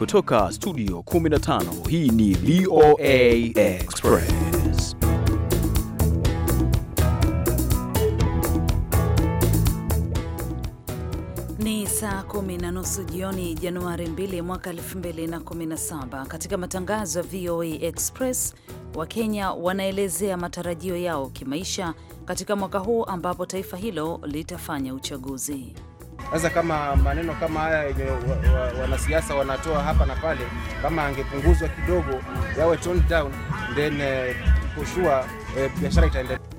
Kutoka studio 15 hii ni VOA Express. Ni saa kumi na nusu jioni, Januari 2 mwaka 2017. Katika matangazo ya VOA Express, Wakenya wanaelezea matarajio yao kimaisha katika mwaka huu ambapo taifa hilo litafanya uchaguzi. Sasa kama maneno kama haya yenye wanasiasa wa, wa wanatoa hapa na pale, kama angepunguzwa kidogo, yawe tone down then kushua eh, eh, biashara itaendelea.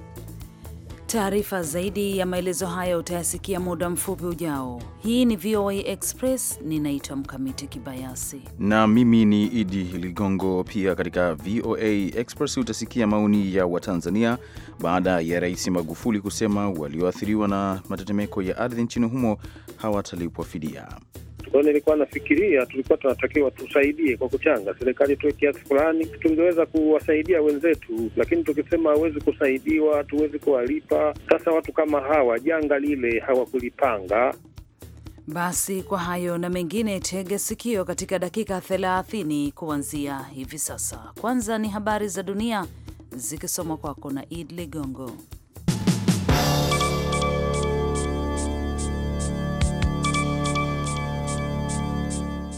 Taarifa zaidi ya maelezo hayo utayasikia muda mfupi ujao. Hii ni VOA Express, ninaitwa Mkamiti Kibayasi na mimi ni Idi Ligongo. Pia katika VOA Express utasikia maoni ya Watanzania baada ya Rais Magufuli kusema walioathiriwa na matetemeko ya ardhi nchini humo hawatalipwa fidia. Kwa nilikuwa nafikiria tulikuwa tunatakiwa tusaidie kwa kuchanga, serikali tuwe kiasi fulani, tungeweza kuwasaidia wenzetu, lakini tukisema hawezi kusaidiwa, tuwezi kuwalipa. Sasa watu kama hawa janga lile hawakulipanga. Basi kwa hayo na mengine, tege sikio katika dakika 30 kuanzia hivi sasa. Kwanza ni habari za dunia zikisomwa kwako na Id Ligongo.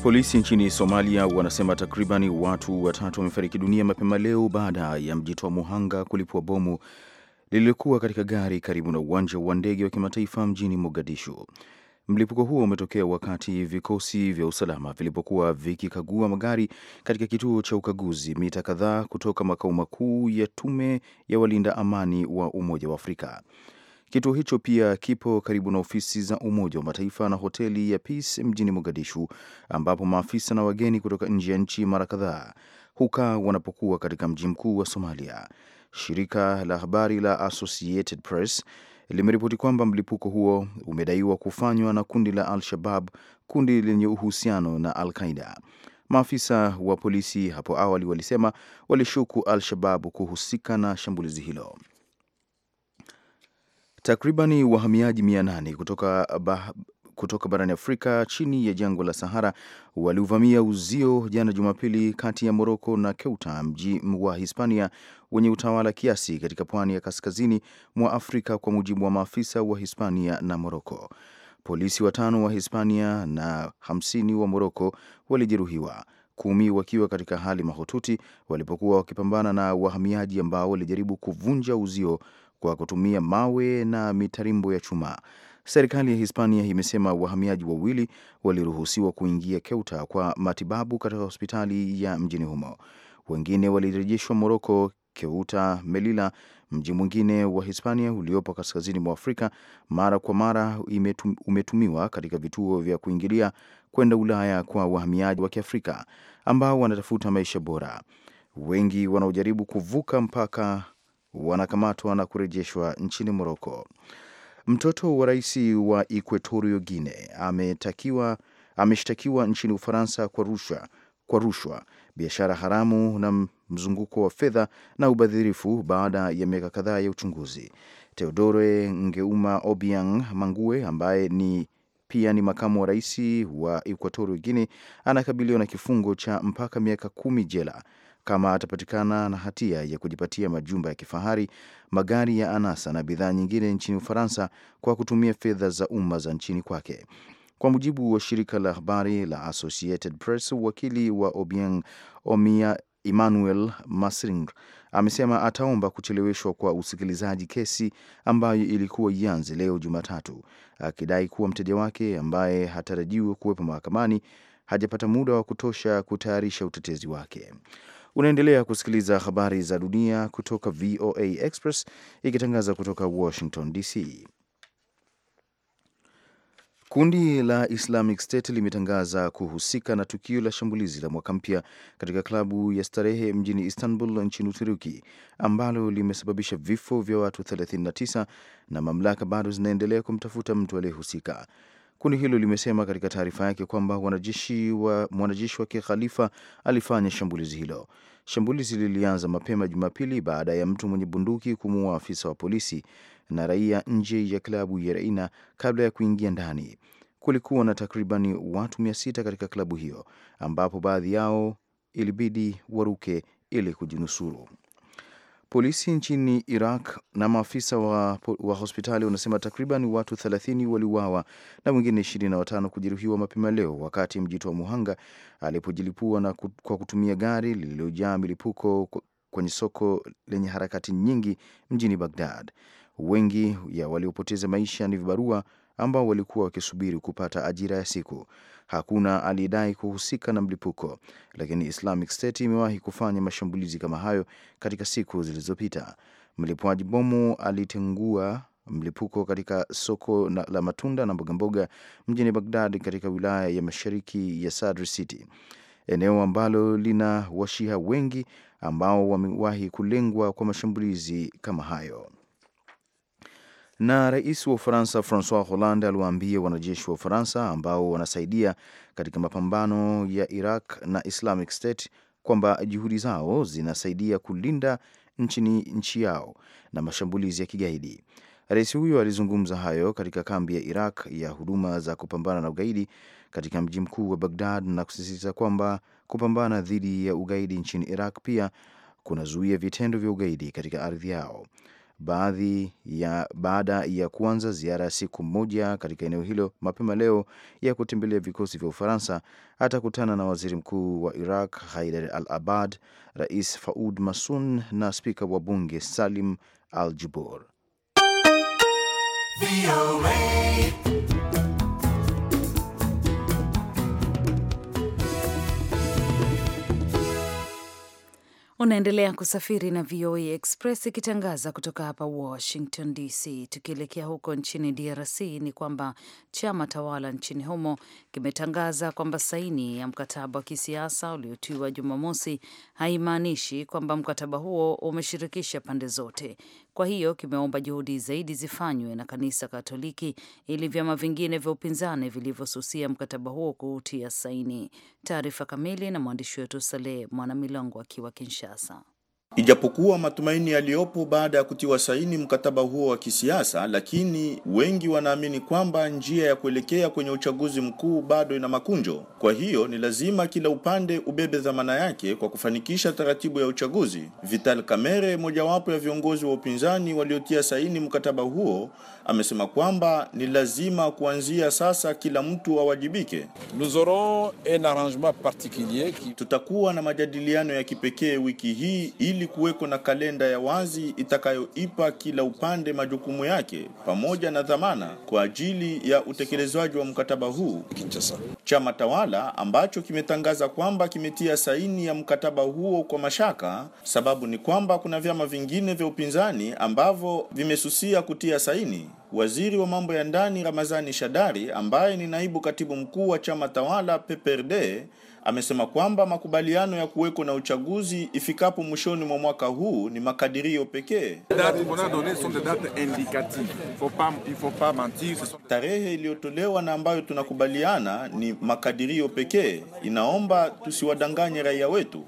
Polisi nchini Somalia wanasema takribani watu watatu wamefariki dunia mapema leo baada ya mjitoa muhanga kulipua bomu lililokuwa katika gari karibu na uwanja wa ndege wa kimataifa mjini Mogadishu. Mlipuko huo umetokea wakati vikosi vya usalama vilipokuwa vikikagua magari katika kituo cha ukaguzi mita kadhaa kutoka makao makuu ya tume ya walinda amani wa Umoja wa Afrika. Kituo hicho pia kipo karibu na ofisi za Umoja wa Mataifa na hoteli ya Peace mjini Mogadishu, ambapo maafisa na wageni kutoka nje ya nchi mara kadhaa hukaa wanapokuwa katika mji mkuu wa Somalia. Shirika la habari la Associated Press limeripoti kwamba mlipuko huo umedaiwa kufanywa na kundi la Al-Shabab, kundi lenye uhusiano na Al-Qaida. Maafisa wa polisi hapo awali walisema walishuku Al-Shabab kuhusika na shambulizi hilo. Takribani wahamiaji 800 kutoka bah kutoka barani Afrika chini ya jangwa la Sahara waliuvamia uzio jana Jumapili kati ya Moroko na keuta mji wa Hispania wenye utawala kiasi katika pwani ya kaskazini mwa Afrika, kwa mujibu wa maafisa wa Hispania na Moroko. Polisi watano wa Hispania na hamsini wa Moroko walijeruhiwa, kumi wakiwa katika hali mahututi walipokuwa wakipambana na wahamiaji ambao walijaribu kuvunja uzio kwa kutumia mawe na mitarimbo ya chuma. Serikali ya Hispania imesema wahamiaji wawili waliruhusiwa kuingia Keuta kwa matibabu katika hospitali ya mjini humo. Wengine walirejeshwa Moroko. Keuta melila mji mwingine wa Hispania uliopo kaskazini mwa Afrika, mara kwa mara imetum, umetumiwa katika vituo vya kuingilia kwenda Ulaya kwa wahamiaji wa Kiafrika ambao wanatafuta maisha bora. Wengi wanaojaribu kuvuka mpaka wanakamatwa na kurejeshwa nchini Moroko. Mtoto wa rais wa Equatorio Guine ametakiwa ameshtakiwa nchini Ufaransa kwa rushwa, kwa rushwa, biashara haramu na mzunguko wa fedha na ubadhirifu baada ya miaka kadhaa ya uchunguzi. Teodore Ngeuma Obiang Mangue ambaye ni pia ni makamu wa rais wa Equatorio Guine anakabiliwa na kifungo cha mpaka miaka kumi jela kama atapatikana na hatia ya kujipatia majumba ya kifahari, magari ya anasa na bidhaa nyingine nchini Ufaransa kwa kutumia fedha za umma za nchini kwake. Kwa mujibu wa shirika la habari la Associated Press, wakili wa Obiang Omia Emmanuel Masring amesema ataomba kucheleweshwa kwa usikilizaji kesi ambayo ilikuwa ianze leo Jumatatu, akidai kuwa mteja wake ambaye hatarajiwi kuwepo mahakamani hajapata muda wa kutosha kutayarisha utetezi wake. Unaendelea kusikiliza habari za dunia kutoka VOA Express ikitangaza kutoka Washington DC. Kundi la Islamic State limetangaza kuhusika na tukio la shambulizi la mwaka mpya katika klabu ya starehe mjini Istanbul nchini Uturuki ambalo limesababisha vifo vya watu 39 na mamlaka bado zinaendelea kumtafuta mtu aliyehusika. Kundi hilo limesema katika taarifa yake kwamba mwanajeshi wa, wa kikhalifa alifanya shambulizi hilo. Shambulizi lilianza mapema Jumapili baada ya mtu mwenye bunduki kumuua afisa wa polisi na raia nje ya klabu ya Reina kabla ya kuingia ndani. Kulikuwa na takribani watu mia sita katika klabu hiyo ambapo baadhi yao ilibidi waruke ili kujinusuru. Polisi nchini Iraq na maafisa wa, wa hospitali wanasema takriban watu 30 waliuawa na wengine 25 kujeruhiwa mapema leo wakati mjito wa muhanga alipojilipua na kwa kutumia gari lililojaa milipuko kwenye soko lenye harakati nyingi mjini Bagdad. Wengi ya waliopoteza maisha ni vibarua ambao walikuwa wakisubiri kupata ajira ya siku. Hakuna aliyedai kuhusika na mlipuko, lakini Islamic State imewahi kufanya mashambulizi kama hayo katika siku zilizopita. Mlipuaji bomu alitengua mlipuko katika soko na la matunda na mbogamboga mjini Bagdad katika wilaya ya mashariki ya Sadr City, eneo ambalo lina washiha wengi ambao wamewahi kulengwa kwa mashambulizi kama hayo na rais wa Ufaransa Francois Hollande aliwaambia wanajeshi wa Ufaransa ambao wanasaidia katika mapambano ya Iraq na Islamic State kwamba juhudi zao zinasaidia kulinda nchini nchi yao na mashambulizi ya kigaidi. Rais huyo alizungumza hayo katika kambi ya Iraq ya huduma za kupambana na ugaidi katika mji mkuu wa Bagdad na kusisitiza kwamba kupambana dhidi ya ugaidi nchini Iraq pia kunazuia vitendo vya ugaidi katika ardhi yao baadhi ya baada ya kuanza ziara ya siku moja katika eneo hilo mapema leo ya kutembelea vikosi vya Ufaransa, atakutana na waziri mkuu wa Iraq Haider al Abad, rais Faud Masun na spika wa bunge Salim al Jubur. Unaendelea kusafiri na VOA e Express ikitangaza kutoka hapa Washington DC. Tukielekea huko nchini DRC, ni kwamba chama tawala nchini humo kimetangaza kwamba saini ya mkataba wa kisiasa uliotiwa Jumamosi haimaanishi kwamba mkataba huo umeshirikisha pande zote. Kwa hiyo kimeomba juhudi zaidi zifanywe na kanisa Katoliki ili vyama vingine vya upinzani vilivyosusia mkataba huo kuutia saini. Taarifa kamili na mwandishi wetu Saleh Mwanamilongo akiwa Kinshasa. Ijapokuwa matumaini yaliyopo baada ya kutiwa saini mkataba huo wa kisiasa, lakini wengi wanaamini kwamba njia ya kuelekea kwenye uchaguzi mkuu bado ina makunjo. Kwa hiyo ni lazima kila upande ubebe dhamana yake kwa kufanikisha taratibu ya uchaguzi. Vital Kamerhe, mojawapo ya viongozi wa upinzani waliotia saini mkataba huo, amesema kwamba ni lazima kuanzia sasa kila mtu awajibike. Nous aurons un arrangement particulier. Tutakuwa na majadiliano ya kipekee wiki hii ili ili kuweko na kalenda ya wazi itakayoipa kila upande majukumu yake pamoja na dhamana kwa ajili ya utekelezwaji wa mkataba huu. Chama tawala ambacho kimetangaza kwamba kimetia saini ya mkataba huo kwa mashaka, sababu ni kwamba kuna vyama vingine vya upinzani ambavyo vimesusia kutia saini. Waziri wa mambo ya ndani Ramazani Shadari ambaye ni naibu katibu mkuu wa chama tawala PPRD amesema kwamba makubaliano ya kuweko na uchaguzi ifikapo mwishoni mwa mwaka huu ni makadirio pekee. Tarehe iliyotolewa na ambayo tunakubaliana ni makadirio pekee, inaomba tusiwadanganye raia wetu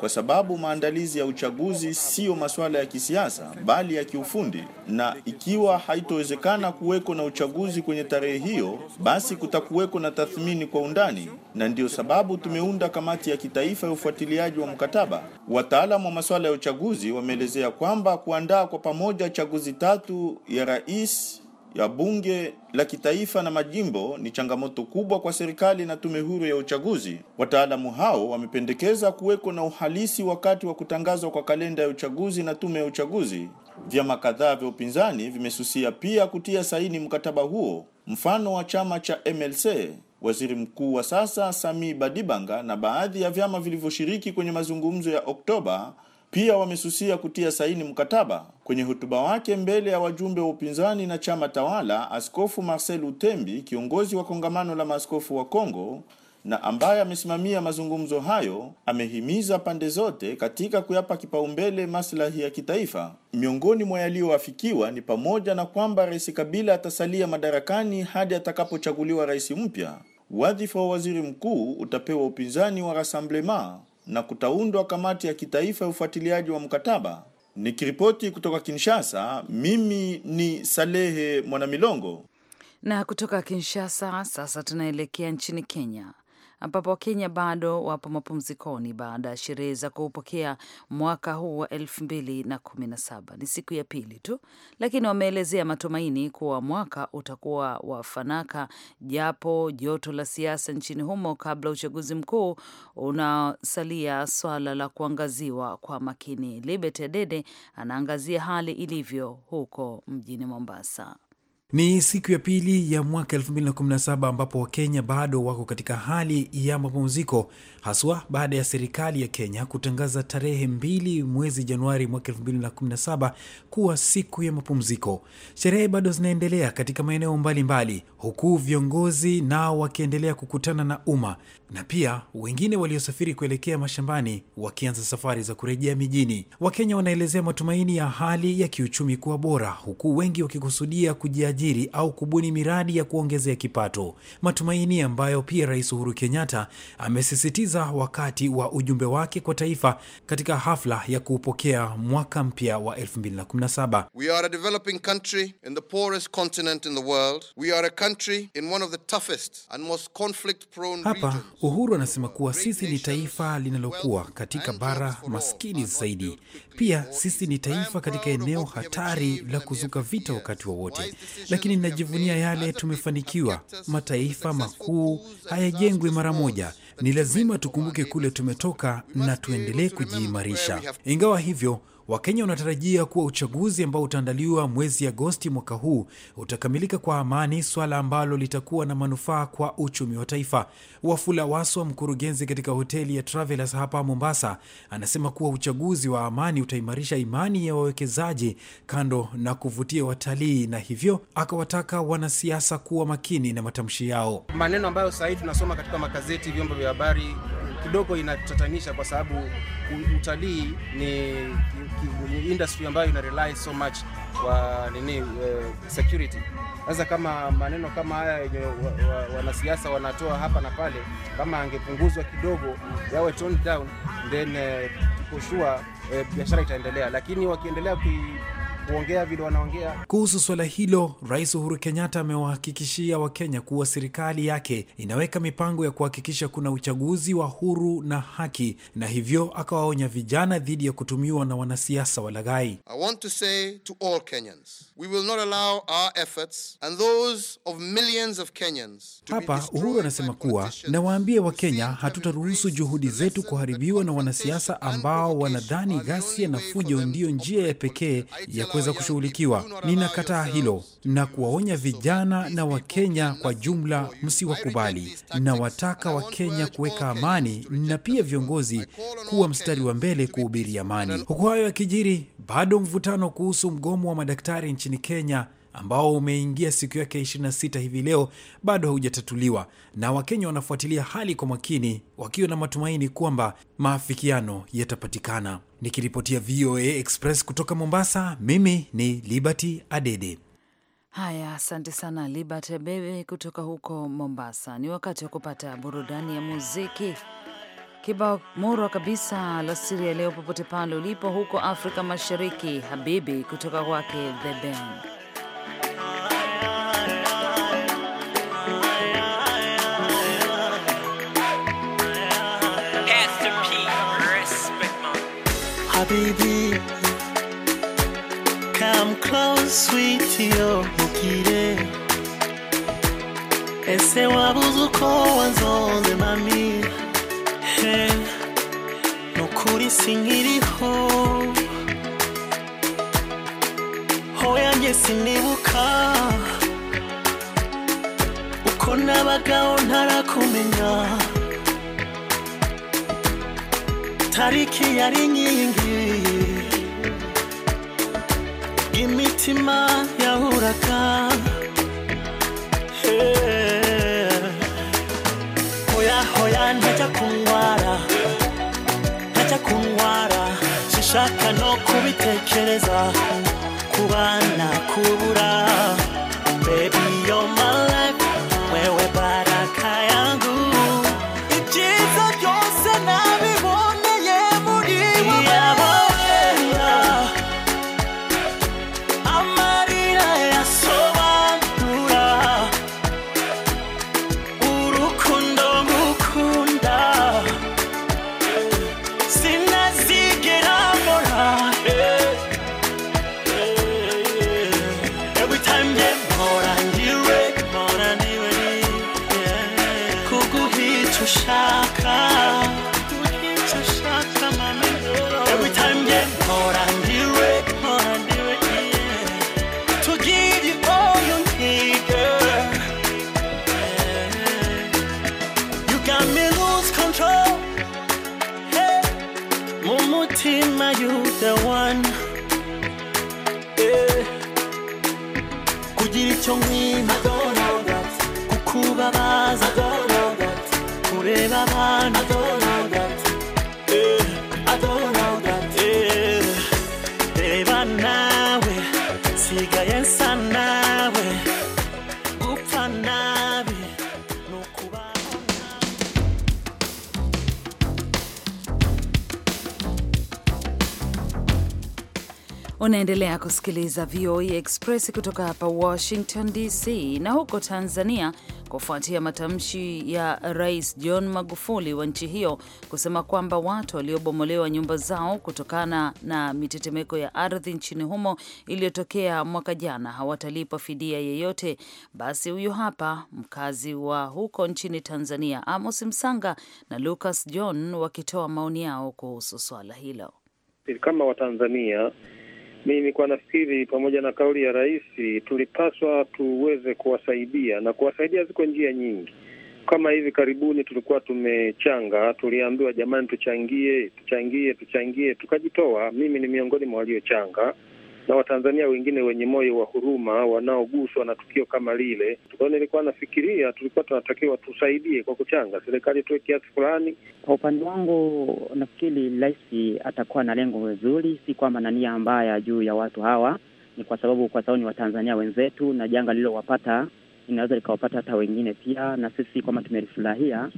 kwa sababu maandalizi ya uchaguzi siyo masuala ya kisiasa bali ya kiufundi, na ikiwa haitowezekana kuweko na uchaguzi kwenye tarehe hiyo, basi kutakuweko na tathmini kwa undani, na ndiyo sababu tumeunda kamati ya kitaifa ya ufuatiliaji wa mkataba. Wataalamu wa masuala ya uchaguzi wameelezea kwamba kuandaa kwa pamoja chaguzi tatu ya rais ya bunge la kitaifa na majimbo ni changamoto kubwa kwa serikali na tume huru ya uchaguzi. Wataalamu hao wamependekeza kuweko na uhalisi wakati wa kutangazwa kwa kalenda ya uchaguzi na tume ya uchaguzi. Vyama kadhaa vya upinzani vimesusia pia kutia saini mkataba huo, mfano wa chama cha MLC, waziri mkuu wa sasa Sami Badibanga na baadhi ya vyama vilivyoshiriki kwenye mazungumzo ya Oktoba pia wamesusia kutia saini mkataba. Kwenye hotuba wake mbele ya wajumbe wa upinzani na chama tawala, Askofu Marcel Utembi, kiongozi wa kongamano la maaskofu wa Kongo na ambaye amesimamia mazungumzo hayo, amehimiza pande zote katika kuyapa kipaumbele maslahi ya kitaifa. Miongoni mwa yaliyoafikiwa ni pamoja na kwamba Rais Kabila atasalia madarakani hadi atakapochaguliwa rais mpya. Wadhifa wa waziri mkuu utapewa upinzani wa Rassemblement na kutaundwa kamati ya kitaifa ya ufuatiliaji wa mkataba. Nikiripoti kutoka Kinshasa, mimi ni Salehe Mwanamilongo. Na kutoka Kinshasa sasa tunaelekea nchini Kenya ambapo Wakenya bado wapo mapumzikoni baada ya sherehe za kuupokea mwaka huu wa elfu mbili na kumi na saba. Ni siku ya pili tu, lakini wameelezea matumaini kuwa mwaka utakuwa wa fanaka, japo joto la siasa nchini humo kabla uchaguzi mkuu unasalia swala la kuangaziwa kwa makini. Libert Adede anaangazia hali ilivyo huko mjini Mombasa. Ni siku ya pili ya mwaka 217 ambapo Wakenya bado wako katika hali ya mapumziko haswa baada ya serikali ya Kenya kutangaza tarehe mbili mwezi Januari mwaka 217 kuwa siku ya mapumziko. Sherehe bado zinaendelea katika maeneo mbalimbali, huku viongozi nao wakiendelea kukutana na umma na pia wengine waliosafiri kuelekea mashambani wakianza safari za kurejea mijini. Wakenya wanaelezea matumaini ya hali ya kiuchumi kuwa bora, huku wengi wakikusudia kujiajiri au kubuni miradi ya kuongezea kipato, matumaini ambayo pia Rais Uhuru Kenyatta amesisitiza wakati wa ujumbe wake kwa taifa katika hafla ya kuupokea mwaka mpya wa 2017. We are a developing country in the poorest continent in the world. We are a country in one of the toughest and most conflict prone regions. Uhuru anasema kuwa sisi ni taifa linalokuwa katika bara maskini zaidi. Pia sisi ni taifa katika eneo hatari la kuzuka vita wakati wowote wa, lakini ninajivunia yale tumefanikiwa. Mataifa makuu hayajengwi mara moja, ni lazima tukumbuke kule tumetoka na tuendelee kujiimarisha. Ingawa hivyo Wakenya wanatarajia kuwa uchaguzi ambao utaandaliwa mwezi Agosti mwaka huu utakamilika kwa amani, swala ambalo litakuwa na manufaa kwa uchumi wa taifa. Wafula Waswa, mkurugenzi katika hoteli ya Travelers hapa Mombasa, anasema kuwa uchaguzi wa amani utaimarisha imani ya wawekezaji kando na kuvutia watalii, na hivyo akawataka wanasiasa kuwa makini na matamshi yao. Maneno ambayo sahii tunasoma katika magazeti, vyombo vya habari kidogo inatatanisha kwa sababu utalii ni, industry ambayo ina rely so much kwa nini uh, security. Sasa kama maneno kama haya yenye wanasiasa wa, wa, wanatoa hapa na pale, kama angepunguzwa kidogo, yawe toned down, then uh, eh, tuko sure uh, biashara itaendelea, lakini wakiendelea kuongea vile wanaongea kuhusu swala hilo. Rais Uhuru Kenyatta amewahakikishia Wakenya kuwa serikali yake inaweka mipango ya kuhakikisha kuna uchaguzi wa huru na haki, na hivyo akawaonya vijana dhidi ya kutumiwa na wanasiasa walaghai. I want to say to all Kenyans, we will not allow our efforts and those of millions of Kenyans. Hapa Uhuru anasema kuwa, nawaambie Wakenya hatutaruhusu juhudi zetu kuharibiwa na wanasiasa ambao wanadhani ghasia na fujo ndiyo njia ya pekee ya kuweza kushughulikiwa. Ninakataa hilo na kuwaonya vijana na Wakenya kwa jumla, msiwakubali. Nawataka Wakenya kuweka amani na pia viongozi kuwa mstari wa mbele kuhubiri amani. Huku hayo yakijiri, bado mvutano kuhusu mgomo wa madaktari nchini Kenya ambao umeingia siku yake ya 26 hivi leo bado haujatatuliwa, na Wakenya wanafuatilia hali kwa makini, wakiwa na matumaini kwamba maafikiano yatapatikana. Nikiripotia VOA Express kutoka Mombasa, mimi ni Liberty Adede. Haya, asante sana Libert Bebe kutoka huko Mombasa. Ni wakati wa kupata burudani ya muziki, kibao murwa kabisa la siri ya leo, popote pale ulipo huko Afrika Mashariki. Habibi kutoka kwake The Ben. baby Come close sweetie nkire Ese wabuze wanzonze mami Nukuri sinkiriho Hoya njye sinibuka Uko nabagaho ntarakumenya tariki yari inkingi imitima yahuraga hoya hoya ntajya kundwara ntajya kundwara sishaka no kubitekereza kubana kubura baby you're my Unaendelea kusikiliza VOA e Express kutoka hapa Washington DC. Na huko Tanzania, kufuatia matamshi ya Rais John Magufuli wa nchi hiyo kusema kwamba watu waliobomolewa nyumba zao kutokana na mitetemeko ya ardhi nchini humo iliyotokea mwaka jana hawatalipwa fidia yeyote, basi huyu hapa mkazi wa huko nchini Tanzania, Amos Msanga na Lucas John wakitoa maoni yao kuhusu swala hilo. Kama Watanzania mimi kwa nafikiri pamoja na kauli ya rais, tulipaswa tuweze kuwasaidia na kuwasaidia, ziko njia nyingi. Kama hivi karibuni tulikuwa tumechanga, tuliambiwa jamani, tuchangie, tuchangie, tuchangie, tukajitoa. Mimi ni miongoni mwa waliochanga na Watanzania wengine wenye moyo wa huruma wanaoguswa na tukio kama lile. Kwa hiyo nilikuwa nafikiria tulikuwa tunatakiwa tusaidie kwa kuchanga, serikali tuwe kiasi fulani. Kwa upande wangu, nafikiri rais atakuwa na lengo zuri, si kwamba na nia mbaya juu ya watu hawa, ni kwa sababu kwa sababu ni Watanzania wenzetu na janga lililowapata inaweza likawapata hata wengine pia, na sisi kwamba tumelifurahia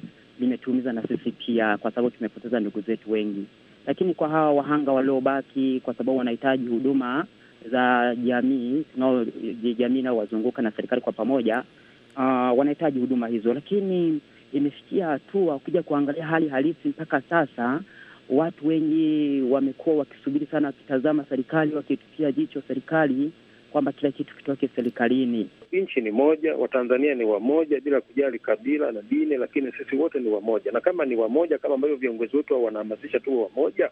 limetuumiza na sisi pia, kwa sababu tumepoteza ndugu zetu wengi. Lakini kwa hawa wahanga waliobaki, kwa sababu wanahitaji huduma za jamii no, jamii inayowazunguka na serikali kwa pamoja uh, wanahitaji huduma hizo, lakini imefikia hatua, ukija kuangalia hali halisi mpaka sasa, watu wengi wamekuwa wakisubiri sana, wakitazama serikali, wakitupia jicho serikali kwamba kila kitu kitoke serikalini. Nchi ni moja, Watanzania ni wamoja bila kujali kabila na dini, lakini sisi wote ni wamoja, na kama ni wamoja, kama ambavyo viongozi wetu wanahamasisha tu wamoja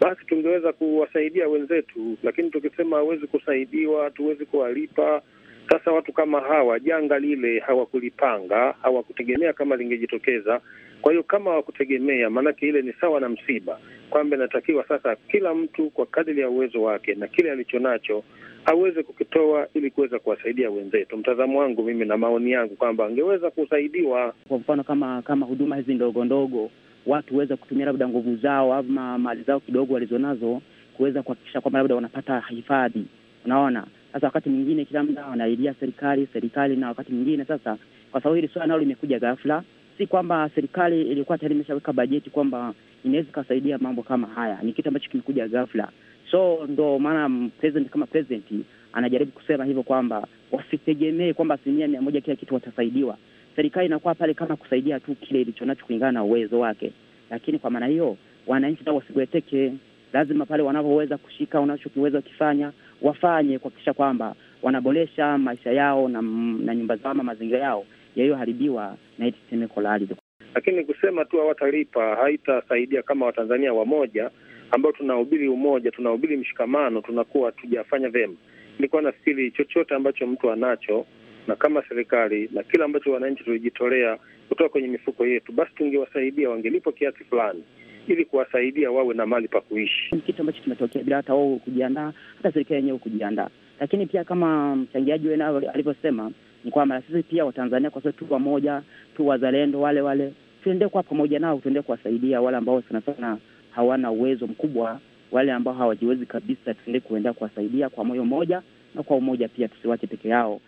basi tungeweza kuwasaidia wenzetu, lakini tukisema hawezi kusaidiwa, hatuwezi kuwalipa. Sasa watu kama hawa, janga lile hawakulipanga, hawakutegemea kama lingejitokeza. Kwa hiyo kama hawakutegemea, maanake ile ni sawa na msiba, kwamba inatakiwa sasa kila mtu kwa kadiri ya uwezo wake na kile alichonacho aweze kukitoa ili kuweza kuwasaidia wenzetu. Mtazamo wangu mimi na maoni yangu kwamba angeweza kusaidiwa, kwa mfano kama kama huduma hizi ndogo ndogo watu waweza kutumia labda nguvu zao ama mali zao kidogo walizonazo kuweza kuhakikisha kwamba labda wanapata hifadhi. Unaona, sasa wakati mwingine kila mda wanailia serikali serikali, na wakati mwingine sasa, kwa sababu hili swala nalo limekuja ghafla, si kwamba serikali ilikuwa tayari imeshaweka bajeti kwamba inaweza ikasaidia mambo kama haya, ni kitu ambacho kimekuja ghafla. So ndo maana president kama president anajaribu kusema hivyo kwamba wasitegemee kwamba asilimia mia moja kila kitu watasaidiwa serikali inakuwa pale kama kusaidia tu kile nacho kulingana na uwezo wake, lakini kwa maana hiyo wananchi nao wasigweteke. Lazima pale wanavyoweza kushika, wanachokiweza kufanya wafanye, kuhakikisha kwamba wanaboresha maisha yao na, na nyumba zao ama mazingira yao yaliyoharibiwa na hili tetemeko la ardhi. Lakini kusema tu hawatalipa haitasaidia kama Watanzania wamoja ambao tunahubiri umoja, tunahubiri mshikamano, tunakuwa tujafanya vyema. Nilikuwa nafikiri chochote ambacho mtu anacho na kama serikali na kila ambacho wananchi tulijitolea kutoka kwenye mifuko yetu, basi tungewasaidia, wangelipo kiasi fulani ili kuwasaidia wawe na mali pa kuishi. Ni kitu ambacho kimetokea bila hata wao kujiandaa, hata serikali yenyewe kujiandaa. Lakini pia kama mchangiaji wenyewe alivyosema, ni kwamba sisi pia Watanzania kwa sasa tu wamoja tu, wazalendo wale wale, tuendee kuwa pamoja nao, tuendee kuwasaidia wale ambao sana sana hawana uwezo mkubwa, wale ambao hawajiwezi kabisa, tuendee kuendea kuwasaidia kwa moyo mmoja na kwa umoja, pia tusiwache peke yao.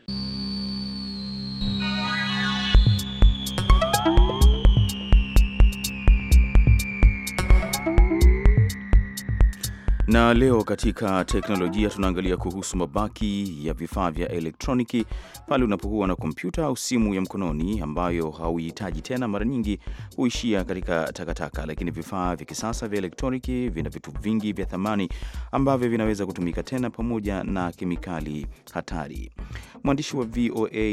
Na leo katika teknolojia tunaangalia kuhusu mabaki ya vifaa vya elektroniki pale unapokuwa na kompyuta au simu ya mkononi ambayo hauihitaji tena, mara nyingi huishia katika takataka. Lakini vifaa vya kisasa vya elektroniki vina vitu vingi vya thamani ambavyo vinaweza kutumika tena, pamoja na kemikali hatari. Mwandishi wa VOA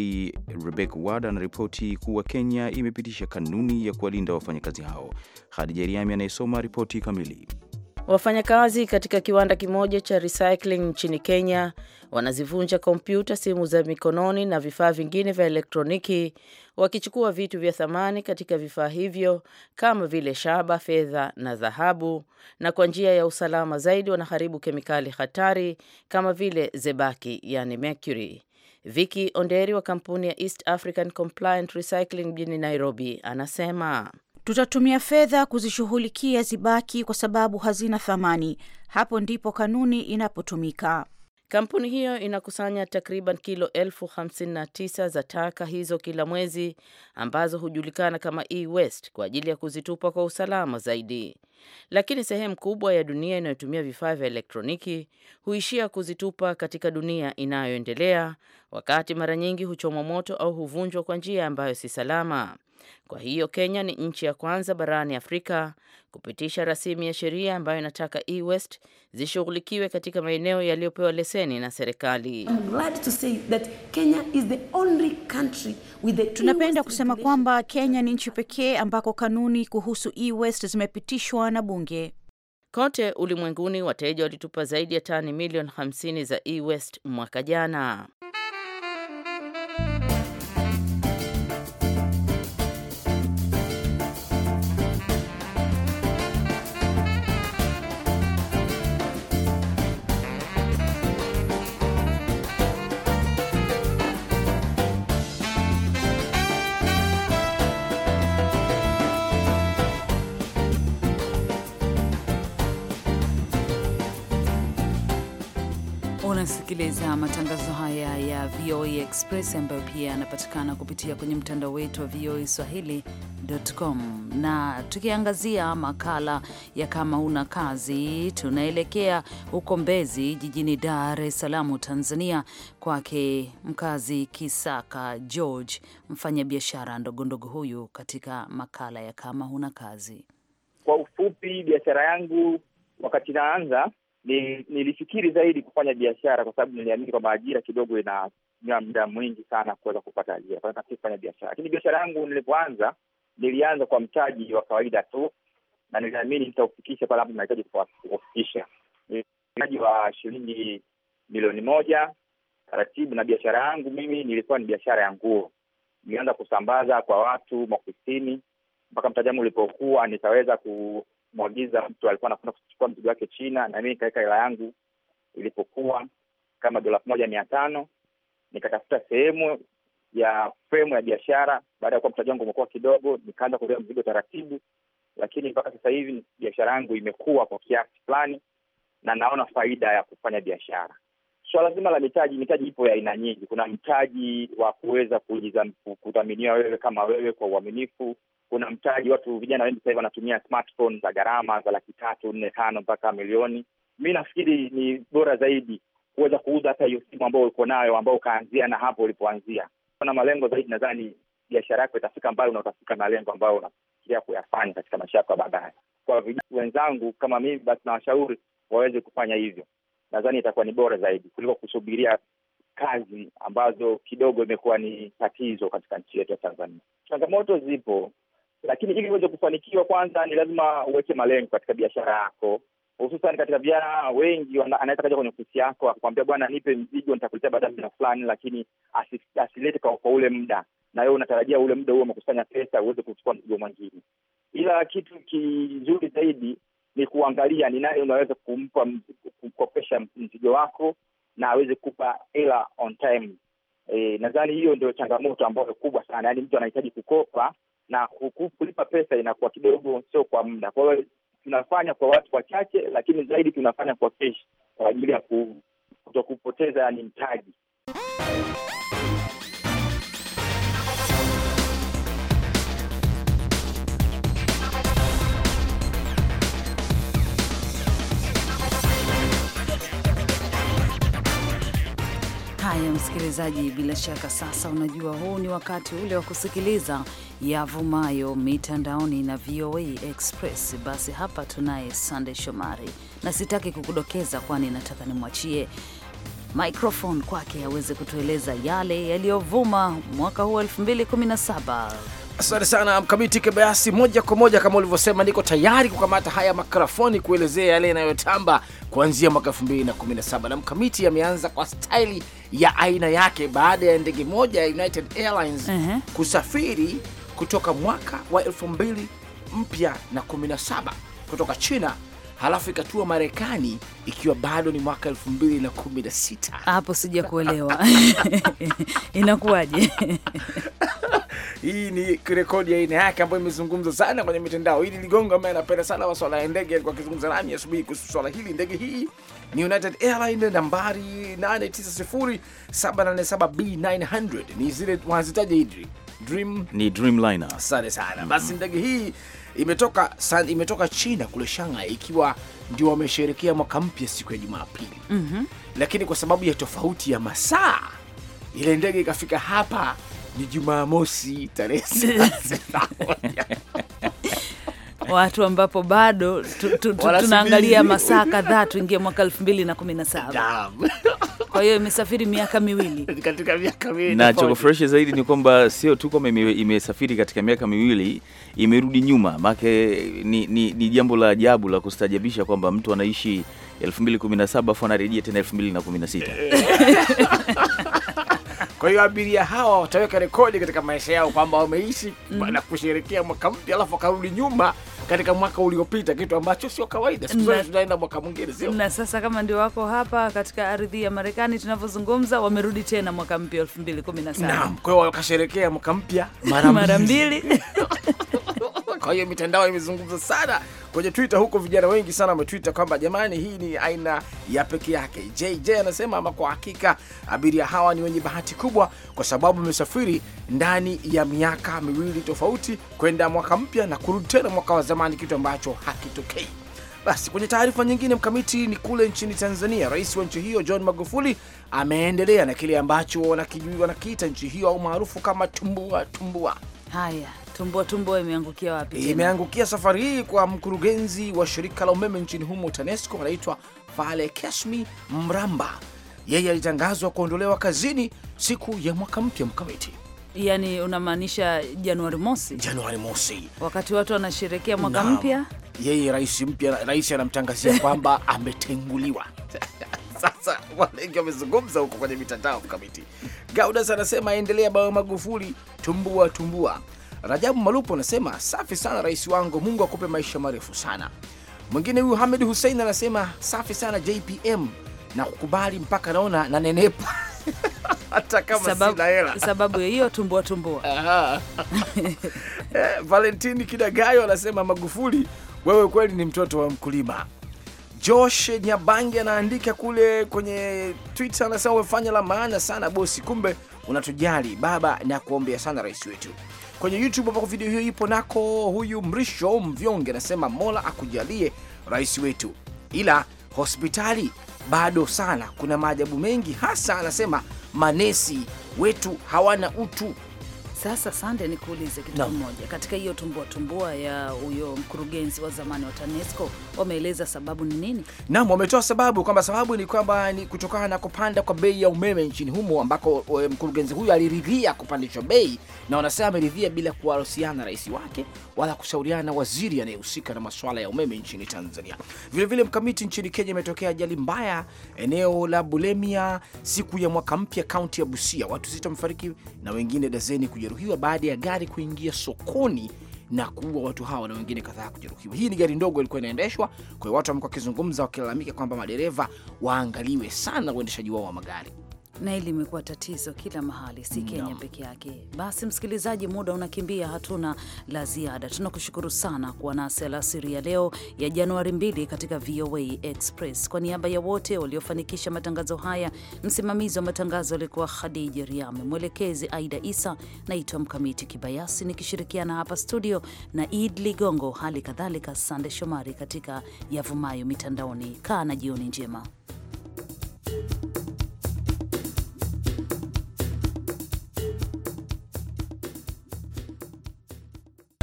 Rebecca Ward anaripoti kuwa Kenya imepitisha kanuni ya kuwalinda wafanyakazi hao. Hadija Riami anayesoma ripoti kamili. Wafanyakazi katika kiwanda kimoja cha recycling nchini Kenya wanazivunja kompyuta, simu za mikononi na vifaa vingine vya elektroniki, wakichukua vitu vya thamani katika vifaa hivyo kama vile shaba, fedha na dhahabu, na kwa njia ya usalama zaidi wanaharibu kemikali hatari kama vile zebaki, yani mercury. Viki Onderi wa kampuni ya East African Compliant Recycling mjini Nairobi anasema Tutatumia fedha kuzishughulikia zibaki kwa sababu hazina thamani. Hapo ndipo kanuni inapotumika. Kampuni hiyo inakusanya takriban kilo elfu za taka hizo kila mwezi ambazo hujulikana kama e-waste kwa ajili ya kuzitupa kwa usalama zaidi lakini sehemu kubwa ya dunia inayotumia vifaa vya elektroniki huishia kuzitupa katika dunia inayoendelea, wakati mara nyingi huchomwa moto au huvunjwa kwa njia ambayo si salama. Kwa hiyo Kenya ni nchi ya kwanza barani Afrika kupitisha rasimu ya sheria ambayo inataka e-waste zishughulikiwe katika maeneo yaliyopewa leseni na serikali. Tunapenda kusema kwamba Kenya ni nchi pekee ambako kanuni kuhusu e-waste zimepitishwa wanabunge. Kote ulimwenguni wateja walitupa zaidi ya tani milioni 50 za e-waste mwaka jana. kusikiliza matangazo haya ya VOA e Express ambayo pia yanapatikana kupitia kwenye mtandao wetu wa VOA e Swahili.com. Na tukiangazia makala ya kama una kazi, tunaelekea huko Mbezi jijini Dar es Salaam, Tanzania, kwake mkazi Kisaka George, mfanyabiashara ndogondogo huyu, katika makala ya kama huna kazi. Kwa ufupi, biashara yangu wakati naanza ni, nilifikiri zaidi kufanya biashara kwa sababu niliamini kwamba ajira kidogo inatumia muda mwingi sana kuweza kupata ajira, kufanya biashara. Lakini biashara yangu nilivyoanza nilianza kwa mtaji wa kawaida tu, na niliamini nitaufikisha pale ambapo nahitaji kuufikisha. Mtaji wa shilingi milioni moja taratibu. Na biashara yangu mimi nilikuwa ni biashara ya nguo, nilianza kusambaza kwa watu maofisini mpaka mtajamu ulipokuwa nitaweza kumwagiza mtu alikuwa anakwenda kuchukua mzigo wake China, na mimi nikaweka hela yangu ilipokuwa kama dola elfu moja mia tano nikatafuta sehemu ya fremu ya biashara. Baada ya kuwa mtaji wangu umekuwa kidogo, nikaanza kubeba mzigo taratibu, lakini mpaka sasa hivi biashara yangu imekuwa kwa kiasi fulani na naona faida ya kufanya biashara. Swala so, zima la mitaji, mitaji ipo ya aina nyingi. Kuna mtaji wa kuweza kudhaminiwa wewe kama wewe kwa uaminifu, kuna mtaji. Watu vijana wengi sasa hivi wanatumia smartphone za gharama za laki tatu nne tano mpaka milioni. Mi nafikiri ni bora zaidi kuweza kuuza hata hiyo simu ambayo uko nayo, ambao ukaanzia na hapo ulipoanzia. Kuna malengo zaidi, nadhani biashara yako itafika mbali na utafika malengo ambayo unafikiria kuyafanya katika maisha yako ya baadaye. Kwa vijana wenzangu kama mimi, basi nawashauri waweze kufanya hivyo, nadhani itakuwa ni bora zaidi kuliko kusubiria kazi ambazo kidogo imekuwa ni tatizo katika nchi yetu ya Tanzania. Changamoto zipo, lakini ili uweze kufanikiwa, kwanza ni lazima uweke malengo katika biashara yako, hususan katika vijana wengi anaweza kaja kwenye ofisi yako akakwambia, bwana, nipe mzigo, nitakuletea baada ya muda fulani, lakini asilete kwa ule muda, na wewe unatarajia ule muda huo umekusanya pesa uweze kuchukua mzigo mwingine. Ila kitu kizuri zaidi ni kuangalia ni nani unaweza kumpa kukopesha mzigo wako na aweze kupa hela on time. E, nadhani hiyo ndio changamoto ambayo kubwa sana, yaani mtu anahitaji kukopa na kulipa pesa inakuwa kidogo, sio kwa muda. Kwa hiyo tunafanya kwa watu wachache, lakini zaidi tunafanya kwa keshi kwa ajili ya kutokupoteza yani mtaji. msikilizaji, bila shaka sasa unajua huu ni wakati ule wa kusikiliza yavumayo mitandaoni na VOA Express. Basi hapa tunaye sandey Shomari, na sitaki kukudokeza, kwani nataka nimwachie microphone kwake aweze kutueleza yale yaliyovuma mwaka huu 2017. Asante sana Mkamiti Kibayasi. Moja kwa moja kama ulivyosema, niko tayari kukamata haya makrafoni kuelezea yale yanayotamba kuanzia mwaka 2017 na Mkamiti ameanza kwa staili ya aina yake baada ya ndege moja ya United Airlines uh -huh. kusafiri kutoka mwaka wa 2000 mpya na 17 kutoka China halafu ikatua Marekani ikiwa bado ni mwaka elfu mbili na kumi na sita. Hapo sija kuelewa inakuwaje? Hii ni rekodi ya aina yake ambayo imezungumza sana kwenye mitandao. Hili ligongo ambaye anapenda sana masuala ya ndege, alikuwa akizungumza nami asubuhi kuhusu swala hili. Ndege hii ni United Airline nambari 890 b 900 ni zile wanazitaja hii Dream ni Dreamliner. Asante sana mm Basi ndege hii imetoka san, imetoka China kule Shanghai ikiwa ndio wamesherekea mwaka mpya siku ya Jumapili mm -hmm. Lakini kwa sababu ya tofauti ya masaa ile ndege ikafika hapa ni Jumamosi tarehe watu ambapo bado tu, tu, tu, tunaangalia masaa kadhaa tuingie mwaka elfu mbili na kumi na saba. Kwa hiyo imesafiri miaka miwili katika miaka miwili, na chokofreshe zaidi ni kwamba sio tu kwamba imesafiri katika miaka miwili, imerudi nyuma make. Ni, ni, ni jambo la ajabu la kustajabisha kwamba mtu anaishi saba afu anarejia tena sita Kwa hiyo abiria hawa wataweka rekodi katika maisha yao kwamba wameishi mm. na kusherekea mwaka mpya, alafu wakarudi nyuma katika mwaka uliopita, kitu ambacho sio kawaida. Siku zote tunaenda mwaka mwingine, sio? Na sasa kama ndio wako hapa katika ardhi ya Marekani tunavyozungumza, wamerudi tena mwaka mpya 2017. Naam, kwa hiyo wakasherekea mwaka mpya mara mbili Kwa hiyo mitandao imezungumza sana kwenye Twitter huko, vijana wengi sana wametwita kwamba jamani, hii ni aina ya peke yake. JJ anasema ama kwa hakika abiria hawa ni wenye bahati kubwa, kwa sababu wamesafiri ndani ya miaka miwili tofauti kwenda mwaka mpya na kurudi tena mwaka wa zamani, kitu ambacho hakitokei. Basi kwenye taarifa nyingine, mkamiti ni kule nchini Tanzania. Rais wa nchi hiyo John Magufuli ameendelea na kile ambacho wanakiita nchi hiyo au maarufu kama tumbua tumbua. Haya, Tumbo tumbo imeangukia wapi? Imeangukia safari hii kwa mkurugenzi wa shirika la umeme nchini humo TANESCO, anaitwa Fale Kashmi Mramba. Yeye alitangazwa kuondolewa kazini siku ya mwaka mpya mkamiti Yaani unamaanisha Januari mosi, Januari mosi, wakati watu wanasherekea mwaka mpya, yeye rais mpya, rais anamtangazia kwamba ametenguliwa. Sasa wengi wamezungumza huko kwenye mitandao mkamiti. Gaudas anasema endelea, bawa Magufuli, tumbua tumbua. Rajabu Malupo anasema safi sana rais wangu, Mungu akupe maisha marefu sana. Mwingine huyu Hamed Hussein anasema safi sana JPM na kukubali mpaka naona nenepa hata kama sababu, sina hela sababu hiyo tumbua tumbua. Eh, Valentini Kidagayo anasema Magufuli, wewe kweli ni mtoto wa mkulima. Josh Nyabangi anaandika kule kwenye Twitter, anasema umefanya la maana sana bosi, kumbe unatujali baba na kuombea sana rais wetu kwenye YouTube ambapo video hiyo ipo nako. Huyu Mrisho Mvyonge anasema Mola akujalie rais wetu, ila hospitali bado sana kuna maajabu mengi, hasa anasema manesi wetu hawana utu sasa Sande, nikuulize kitu kimoja. Katika hiyo tumbua tumbua ya huyo mkurugenzi wa zamani wa TANESCO wameeleza sababu ni nini? Naam, wametoa sababu kwamba sababu ni kwamba ni kutokana na kupanda kwa bei ya umeme nchini humo, ambako eh, mkurugenzi huyo aliridhia kupandishwa bei, na wanasema ameridhia bila kuwahusiana na rais wake wala kushauriana na waziri anayehusika na masuala ya umeme nchini Tanzania. Vilevile vile mkamiti, nchini Kenya imetokea ajali mbaya eneo la Bulemia siku ya mwaka mpya, kaunti ya Busia, watu sita wamefariki na wengine dazeni kuja kujeruhiwa baada ya gari kuingia sokoni na kuua watu hawa na wengine kadhaa kujeruhiwa. Hii ni gari ndogo ilikuwa inaendeshwa, kwa hiyo watu wamekuwa wakizungumza wakilalamika kwamba madereva waangaliwe sana uendeshaji wao wa magari na hili limekuwa tatizo kila mahali, si Kenya no. peke yake. Basi msikilizaji, muda unakimbia, hatuna la ziada. Tunakushukuru sana kuwa nasi alasiri ya leo ya Januari 2 katika VOA Express. Kwa niaba ya wote waliofanikisha matangazo haya, msimamizi wa matangazo alikuwa Khadija Riame, mwelekezi Aida Isa. Naitwa Mkamiti Kibayasi nikishirikiana hapa studio na Id Ligongo, hali kadhalika Sande Shomari katika Yavumayo Mitandaoni. Kaa na jioni njema.